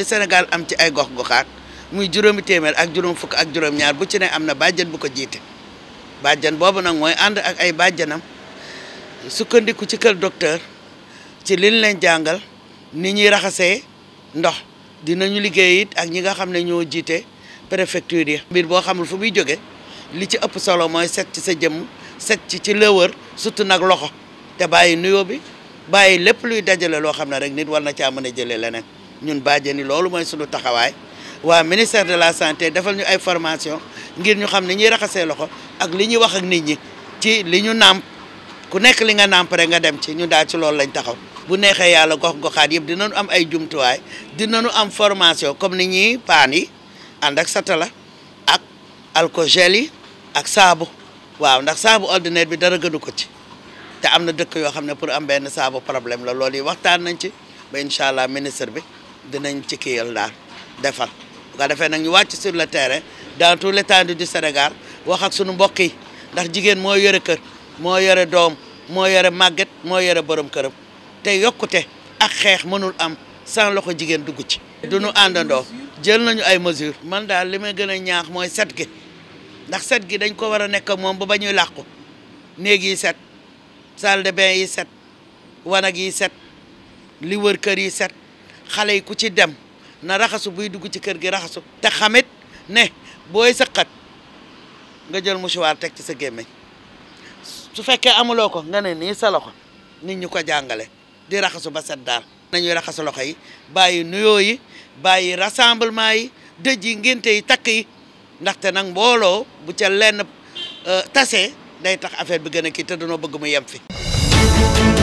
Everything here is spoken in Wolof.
li senegal am ci ay gox-goxaat muy juróomi téeméer ak juróom fukk ak juróom-ñaar bu ci ne am na bàjjan bu ko jiite bàjjan boobu nag mooy ànd ak ay bàjjanam sukkandiku ci kër docteur ci liñ leen jàngal ni ñuy raxasee ndox dinañu liggéey it ak ñi nga xam ne ñoo jiite préfecture yi. mbir boo xamul fu muy jóge li ci ëpp solo mooy set ci sa jëmm set ci ci lëwër surtout nag loxo te bàyyi nuyoo bi bàyyi lépp luy dajale loo xam ne rek nit war na caa mën a jëlee leneen. ñun ni loolu mooy suñu taxawaay waa ministère de la santé defal ñu ay formation ngir ñu xam ni ñuy raxasee loxo ak li ñuy wax ak nit ñi ci li ñu naam ku nekk li nga nàmp rek nga dem ci ñu daal ci loolu lañ taxaw bu neexee yàlla gox goxaat yëpp dinañu am ay jumtuwaay dina dinañu am formation comme ni ñuy paan yi ànd ak satala ak alcogel yi ak saabu waaw ndax saabu ordinaire bi dara gënu ko ci te am na dëkk yoo xam ne pour am benn saabu problème la loolu yi waxtaan nañ ci ba allah ministre bi dinañ ci kiyal daal defal bu ko defee nag ñu wàcc sur le terrain dans tout l'étendue du Sénégal wax ak sunu mbokk yi ndax jigéen moo yore kër moo yore doom moo yore màgget moo yore borom këram te yokkute ak xeex mënul am sans loxo jigéen dugg ci. du nu àndandoo jël nañu ay mesures. man daal li may gën a ñaax mooy set gi ndax set gi dañ ko war a nekk moom ba ñuy làqu néeg yi set salle de bain yi set wanag yi set li wër kër yi set. xale yi ku ci dem na raxasu buy dugg ci kër gi raxasu te xamit ne booy sëqat nga jël mouchoir teg ci sa gémmiñ su fekkee amuloo ko nga ne nii sa loxo nit ñu ko jàngale di raxasu ba set daal nañuy raxasu loxo yi bàyyi nuyoo yi bàyyi rassemblement yi dëj yi ngénte yi takk yi ndaxte nag mbooloo bu ca lenn euh, tase day tax affaire bi gën a kii te danoo bëgg mu yem fi